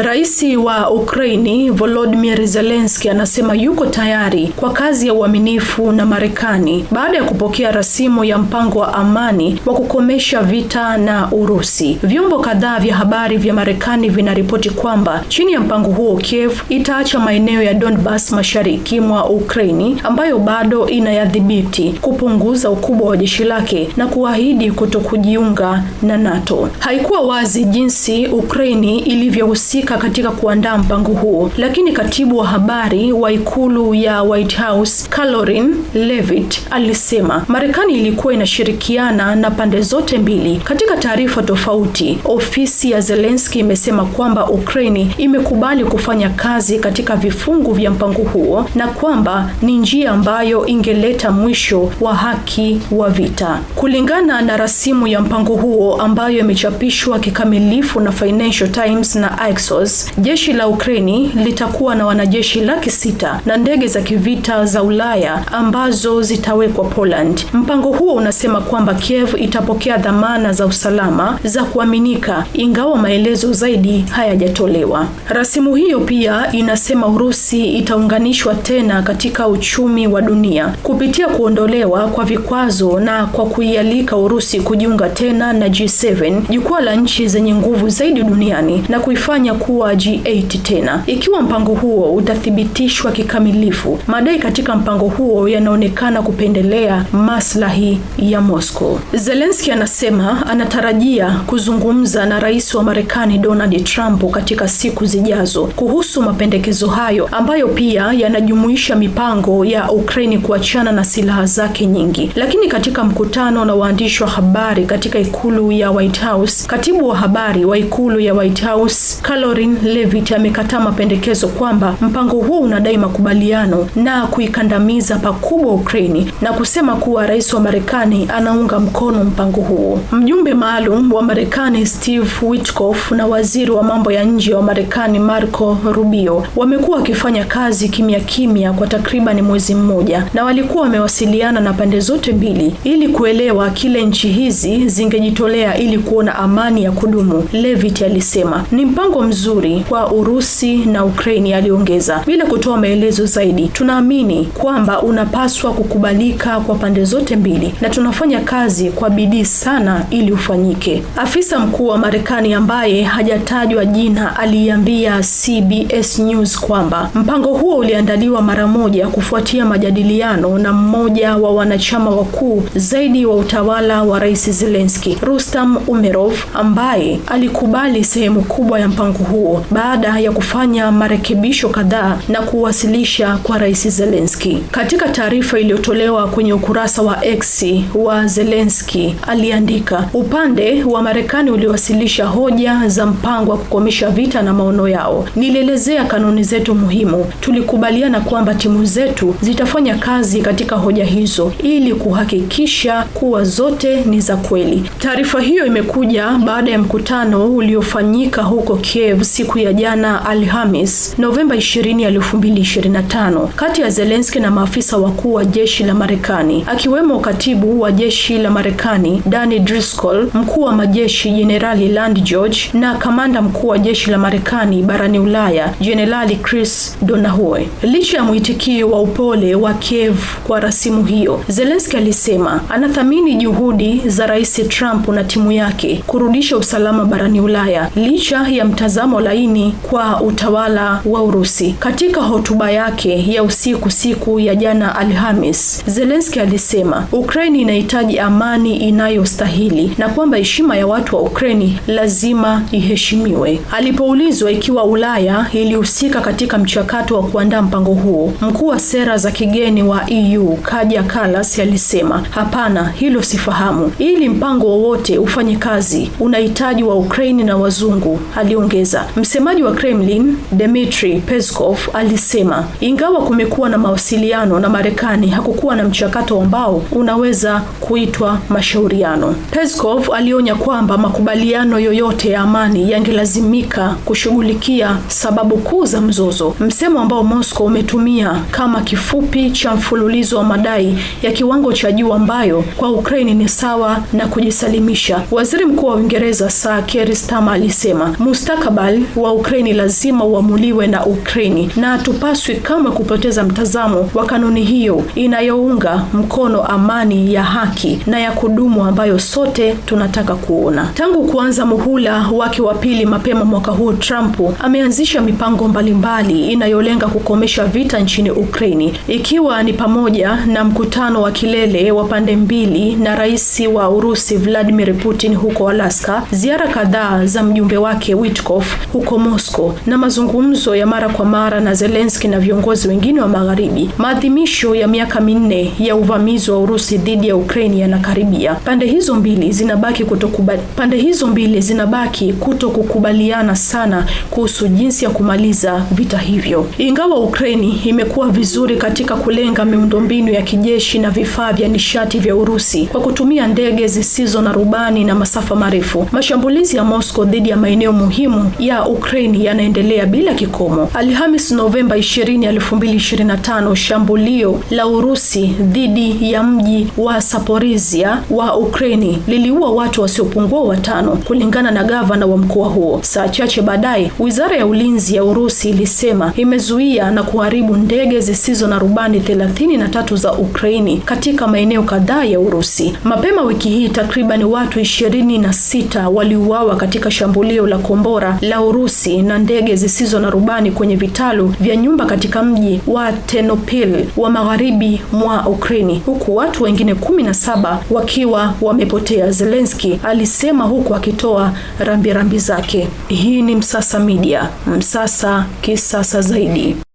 rais wa Ukraini Volodymyr Zelensky anasema yuko tayari kwa kazi ya uaminifu na Marekani baada ya kupokea rasimu ya mpango wa amani wa kukomesha vita na Urusi. Vyombo kadhaa vya habari vya Marekani vinaripoti kwamba chini ya mpango huo, Kiev itaacha maeneo ya Donbas mashariki mwa Ukraini ambayo bado inayadhibiti, kupunguza ukubwa wa jeshi lake na kuahidi kutokujiunga na NATO. Haikuwa wazi jinsi Ukraini ilivyohusika kuhusika katika kuandaa mpango huo, lakini katibu wa habari wa ikulu ya White House Caroline Levitt alisema Marekani ilikuwa inashirikiana na pande zote mbili. Katika taarifa tofauti, ofisi ya Zelensky imesema kwamba Ukraini imekubali kufanya kazi katika vifungu vya mpango huo na kwamba ni njia ambayo ingeleta mwisho wa haki wa vita. Kulingana na rasimu ya mpango huo ambayo imechapishwa kikamilifu na Financial Times na Axios, Brussels, jeshi la Ukraini litakuwa na wanajeshi laki sita na ndege za kivita za Ulaya ambazo zitawekwa Poland. Mpango huo unasema kwamba Kiev itapokea dhamana za usalama za kuaminika, ingawa maelezo zaidi hayajatolewa. Rasimu hiyo pia inasema Urusi itaunganishwa tena katika uchumi wa dunia kupitia kuondolewa kwa vikwazo na kwa kuialika Urusi kujiunga tena na G7, jukwaa la nchi zenye nguvu zaidi duniani na kuifanya kuwa G8 tena. Ikiwa mpango huo utathibitishwa kikamilifu, madai katika mpango huo yanaonekana kupendelea maslahi ya Moscow. Zelensky anasema anatarajia kuzungumza na rais wa Marekani Donald Trump katika siku zijazo kuhusu mapendekezo hayo ambayo pia yanajumuisha mipango ya ukraini kuachana na silaha zake nyingi. Lakini katika mkutano na waandishi wa habari katika ikulu ya White House, katibu wa habari wa ikulu ya White House Carol Zorin Levit amekataa mapendekezo kwamba mpango huo unadai makubaliano na kuikandamiza pakubwa Ukraini na kusema kuwa rais wa Marekani anaunga mkono mpango huo. Mjumbe maalum wa Marekani Steve Witkoff na waziri wa mambo ya nje wa Marekani Marco Rubio wamekuwa wakifanya kazi kimya kimya kwa takriban mwezi mmoja na walikuwa wamewasiliana na pande zote mbili ili kuelewa kile nchi hizi zingejitolea ili kuona amani ya kudumu, Levit alisema. Ni mpango mzuri vizuri kwa Urusi na Ukraini, aliongeza bila kutoa maelezo zaidi. Tunaamini kwamba unapaswa kukubalika kwa pande zote mbili na tunafanya kazi kwa bidii sana ili ufanyike. Afisa mkuu wa Marekani ambaye hajatajwa jina aliambia CBS News kwamba mpango huo uliandaliwa mara moja kufuatia majadiliano na mmoja wa wanachama wakuu zaidi wa utawala wa Rais Zelensky, Rustam Umerov ambaye alikubali sehemu kubwa ya mpango huo huo baada ya kufanya marekebisho kadhaa na kuwasilisha kwa Rais zelenski Katika taarifa iliyotolewa kwenye ukurasa wa X wa zelenski aliandika upande wa Marekani uliwasilisha hoja za mpango wa kukomesha vita na maono yao. Nilielezea kanuni zetu muhimu. Tulikubaliana kwamba timu zetu zitafanya kazi katika hoja hizo ili kuhakikisha kuwa zote ni za kweli. Taarifa hiyo imekuja baada ya mkutano uliofanyika huko Kiev siku ya jana Alhamis, Novemba 20, 2025 kati ya Zelensky na maafisa wakuu wa jeshi la Marekani akiwemo katibu wa jeshi la Marekani Danny Driscoll, mkuu wa majeshi Jenerali Land George na kamanda mkuu wa jeshi la Marekani barani Ulaya Jenerali Chris Donahue. Licha ya mwitikio wa upole wa Kiev kwa rasimu hiyo, Zelensky alisema anathamini juhudi za Rais Trump na timu yake kurudisha usalama barani Ulaya licha ya mtazamo msimamo laini kwa utawala wa Urusi. Katika hotuba yake ya usiku siku ya jana Alhamis, Zelensky alisema Ukraini inahitaji amani inayostahili na kwamba heshima ya watu wa Ukraini lazima iheshimiwe. Alipoulizwa ikiwa Ulaya ilihusika katika mchakato wa kuandaa mpango huo, mkuu wa sera za kigeni wa EU Kaja kalas alisema hapana, hilo sifahamu. Ili mpango wowote ufanye kazi, unahitaji wa Ukraini na wazungu, aliongeza. Uingereza. Msemaji wa Kremlin Dmitry Peskov alisema ingawa kumekuwa na mawasiliano na Marekani, hakukuwa na mchakato ambao unaweza kuitwa mashauriano. Peskov alionya kwamba makubaliano yoyote ya amani yangelazimika kushughulikia sababu kuu za mzozo, msemo ambao Moscow umetumia kama kifupi cha mfululizo wa madai ya kiwango cha juu ambayo kwa Ukraine ni sawa na kujisalimisha. Waziri Mkuu wa Uingereza Sir Keir Starmer alisema mustakabali mustakabali wa Ukraini lazima uamuliwe na Ukraini, na hatupaswi kama kupoteza mtazamo wa kanuni hiyo inayounga mkono amani ya haki na ya kudumu ambayo sote tunataka kuona. Tangu kuanza muhula wake wa pili mapema mwaka huu, Trump ameanzisha mipango mbalimbali inayolenga kukomesha vita nchini Ukraini, ikiwa ni pamoja na mkutano wa kilele wa pande mbili na rais wa Urusi Vladimir Putin huko Alaska, ziara kadhaa za mjumbe wake Witkoff huko Moscow na mazungumzo ya mara kwa mara na Zelensky na viongozi wengine wa Magharibi. Maadhimisho ya miaka minne ya uvamizi wa Urusi dhidi ya Ukraini yanakaribia. Pande hizo mbili zinabaki kutokubali... pande hizo mbili zinabaki kutokukubaliana sana kuhusu jinsi ya kumaliza vita hivyo. Ingawa Ukraini imekuwa vizuri katika kulenga miundombinu ya kijeshi na vifaa vya nishati vya Urusi kwa kutumia ndege zisizo na rubani na masafa marefu, mashambulizi ya Moscow dhidi ya maeneo muhimu ya Ukraini yanaendelea bila kikomo. Alhamis Novemba 20, 2025, shambulio la Urusi dhidi ya mji wa Saporizia wa Ukraini liliua watu wasiopungua watano kulingana na gavana wa mkoa huo. Saa chache baadaye, Wizara ya Ulinzi ya Urusi ilisema imezuia na kuharibu ndege zisizo na rubani 33 za Ukraini katika maeneo kadhaa ya Urusi. Mapema wiki hii, takriban watu 26 waliuawa katika shambulio la kombora la la Urusi na ndege zisizo na rubani kwenye vitalu vya nyumba katika mji wa Ternopil wa magharibi mwa Ukraini, huku watu wengine kumi na saba wakiwa wamepotea, zelenski alisema huku akitoa rambirambi zake. Hii ni Msasa Media, Msasa kisasa zaidi.